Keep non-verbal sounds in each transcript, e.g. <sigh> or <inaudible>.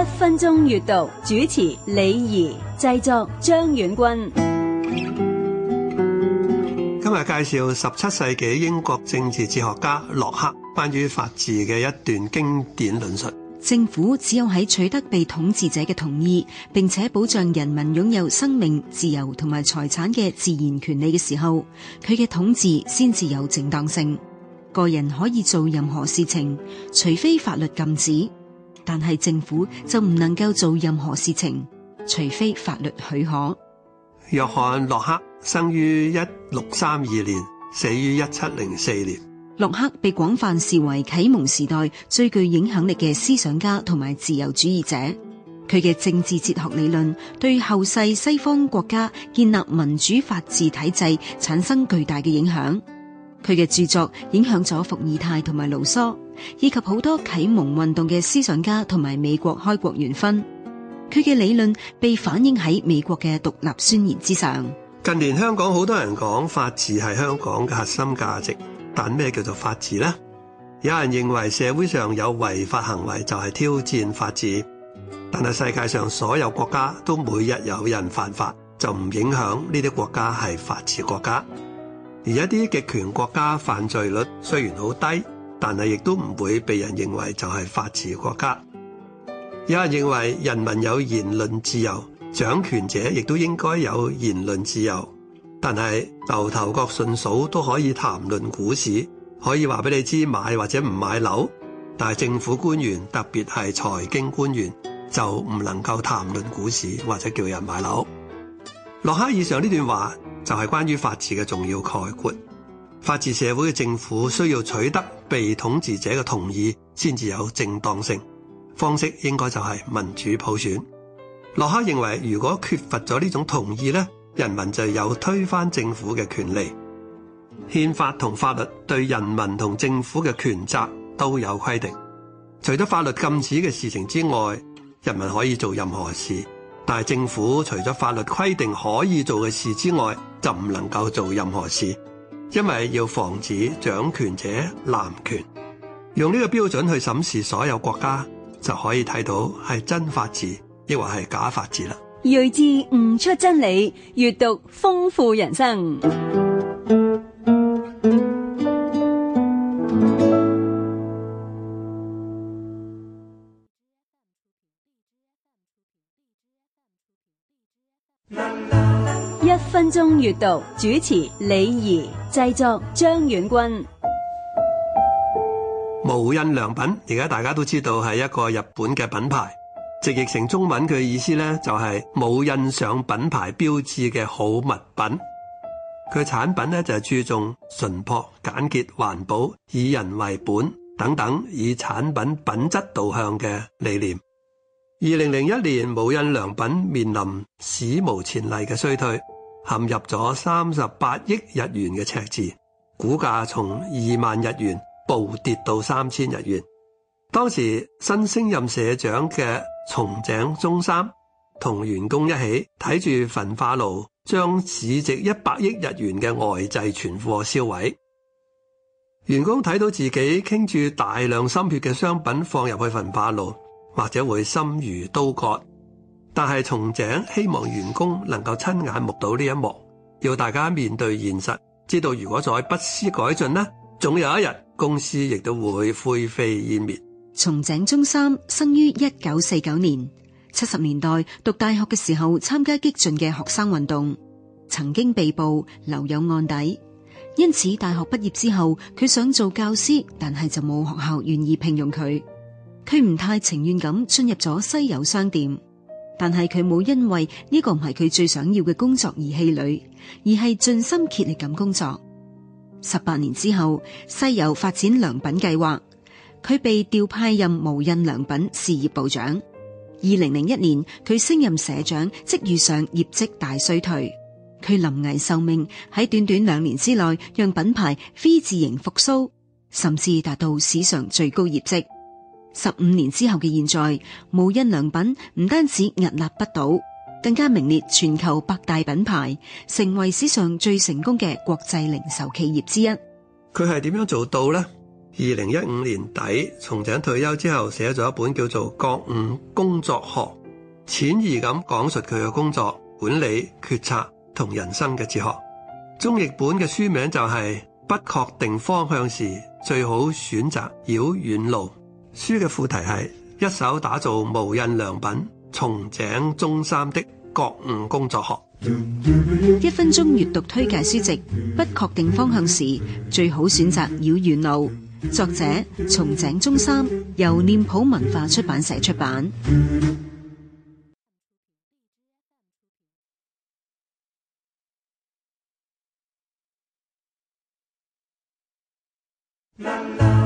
一分鐘閱讀主持李怡，製作張遠君。今日介紹十七世紀英國政治哲學家洛克關於法治嘅一段經典論述：政府只有喺取得被統治者嘅同意，並且保障人民擁有生命、自由同埋財產嘅自然權利嘅時候，佢嘅統治先至有正當性。個人可以做任何事情，除非法律禁止。但係政府就唔能夠做任何事情，除非法律許可。約翰洛克生於一六三二年，死於一七零四年。洛克被廣泛視為啟蒙時代最具影響力嘅思想家同埋自由主義者。佢嘅政治哲學理論對後世西方國家建立民主法治體制產生巨大嘅影響。佢嘅著作影響咗伏爾泰同埋盧梭。以及好多啟蒙運動嘅思想家同埋美國開國元勳，佢嘅理論被反映喺美國嘅獨立宣言之上。近年香港好多人講法治係香港嘅核心價值，但咩叫做法治呢？有人認為社會上有違法行為就係挑戰法治，但係世界上所有國家都每日有人犯法，就唔影響呢啲國家係法治國家。而一啲極權國家犯罪率雖然好低。但係亦都唔會被人認為就係法治國家。有人認為人民有言論自由，掌權者亦都應該有言論自由。但係牛頭角順嫂都可以談論股市，可以話俾你知買或者唔買樓。但係政府官員，特別係財經官員，就唔能夠談論股市或者叫人買樓。落下以上呢段話，就係、是、關於法治嘅重要概括。法治社會嘅政府需要取得被統治者嘅同意，先至有正當性。方式應該就係民主普選。洛克認為，如果缺乏咗呢種同意咧，人民就有推翻政府嘅權利。憲法同法律對人民同政府嘅權責都有規定。除咗法律禁止嘅事情之外，人民可以做任何事，但係政府除咗法律規定可以做嘅事之外，就唔能夠做任何事。因為要防止掌權者濫權，用呢個標準去審視所有國家，就可以睇到係真法治抑或係假法治啦。睿智悟出真理，閱讀豐富人生。 <music> 一分鐘閱讀主持李怡，製作張遠君。無印良品而家大家都知道係一個日本嘅品牌，直譯成中文佢嘅意思呢就係冇印上品牌標誌嘅好物品。佢產品呢就係注重純樸、簡潔、環保、以人為本等等，以產品品質導向嘅理念。二零零一年，無印良品面臨史無前例嘅衰退，陷入咗三十八億日元嘅赤字，股價從二萬日元暴跌到三千日元。當時新升任社長嘅松井忠三同員工一起睇住焚化爐，將市值一百億日元嘅外製存貨銷毀。員工睇到自己傾住大量心血嘅商品放入去焚化爐。或者會心如刀割，但係松井希望員工能夠親眼目睹呢一幕，要大家面對現實，知道如果再不思改進呢，總有一日公司亦都會灰飛煙滅。松井忠三生於一九四九年，七十年代讀大學嘅時候參加激進嘅學生運動，曾經被捕留有案底，因此大學畢業之後佢想做教師，但係就冇學校願意聘用佢。佢唔太情願咁進入咗西友商店，但係佢冇因為呢個唔係佢最想要嘅工作而氣餒，而係盡心竭力咁工作。十八年之後，西友發展良品計劃，佢被調派任無印良品事業部長。二零零一年，佢升任社長，即遇上業績大衰退。佢臨危受命，喺短短兩年之內讓品牌 V 字形復蘇，甚至達到史上最高業績。十五年之後嘅現在，無印良品唔單止屹立不倒，更加名列全球百大品牌，成為史上最成功嘅國際零售企業之一。佢係點樣做到呢？二零一五年底，松井退休之後，寫咗一本叫做《覺悟工作學》，淺易咁講述佢嘅工作管理決策同人生嘅哲學。中譯本嘅書名就係、是《不確定方向時，最好選擇繞遠路》。書嘅副題係一手打造無印良品，松井忠三的覺悟工作學。一分鐘閱讀推介書籍，不確定方向時，最好選擇繞遠路。作者松井忠三，由臉譜文化出版社出版。 <music>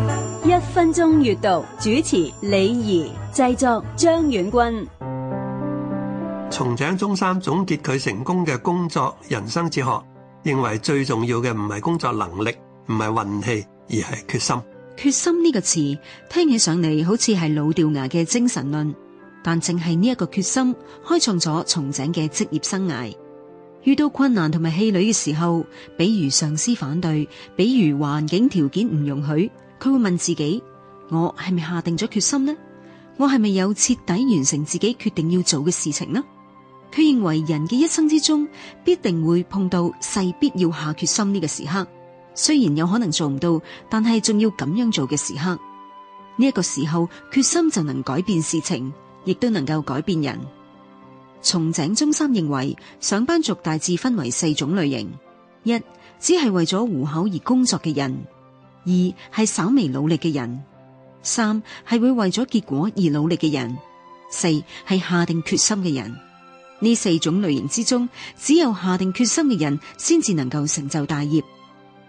<music> 一分鐘閱讀主持李怡，製作張遠君。松井忠三總結佢成功嘅工作人生哲學，認為最重要嘅唔係工作能力，唔係運氣，而係決心。決心呢個詞聽起上嚟，好似係老掉牙嘅精神論，但正係呢一個決心開創咗松井嘅職業生涯。遇到困難同埋氣餒嘅時候，比如上司反對，比如環境條件唔容許。佢會問自己：我係咪下定咗決心呢？我係咪有徹底完成自己決定要做嘅事情呢？佢認為人嘅一生之中必定會碰到勢必要下決心呢個時刻，雖然有可能做唔到，但係仲要咁樣做嘅時刻，呢一個時候，決心就能改變事情，亦都能夠改變人。松井忠三認為，上班族大致分為四種類型：一，只係為咗糊口而工作嘅人。二係稍微努力嘅人，三係會為咗結果而努力嘅人，四係下定決心嘅人。呢四種類型之中，只有下定決心嘅人先至能夠成就大業。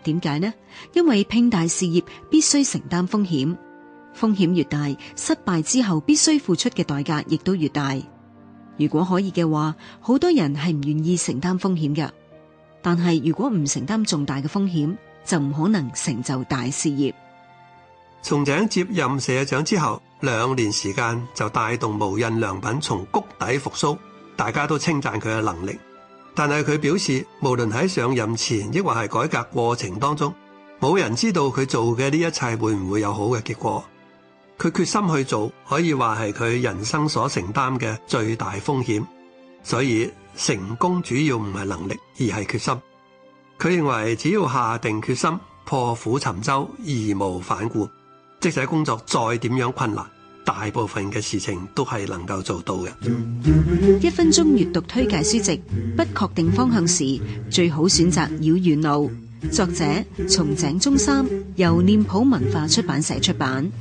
點解呢？因為拼大事業必須承擔風險，風險越大，失敗之後必須付出嘅代價亦都越大。如果可以嘅話，好多人係唔願意承擔風險嘅。但係如果唔承擔重大嘅風險，就唔可能成就大事業。松井接任社長之後兩年時間，就帶動無印良品從谷底復蘇，大家都稱讚佢嘅能力。但係佢表示，無論喺上任前，抑或係改革過程當中，冇人知道佢做嘅呢一切會唔會有好嘅結果。佢決心去做，可以話係佢人生所承擔嘅最大風險。所以成功主要唔係能力，而係決心。佢認為，只要下定決心，破釜沉舟，義無反顧，即使工作再點樣困難，大部分嘅事情都係能夠做到嘅。一分鐘閱讀推介書籍，不確定方向時，最好選擇繞遠路。作者：松井忠三，由臉譜文化出版社出版。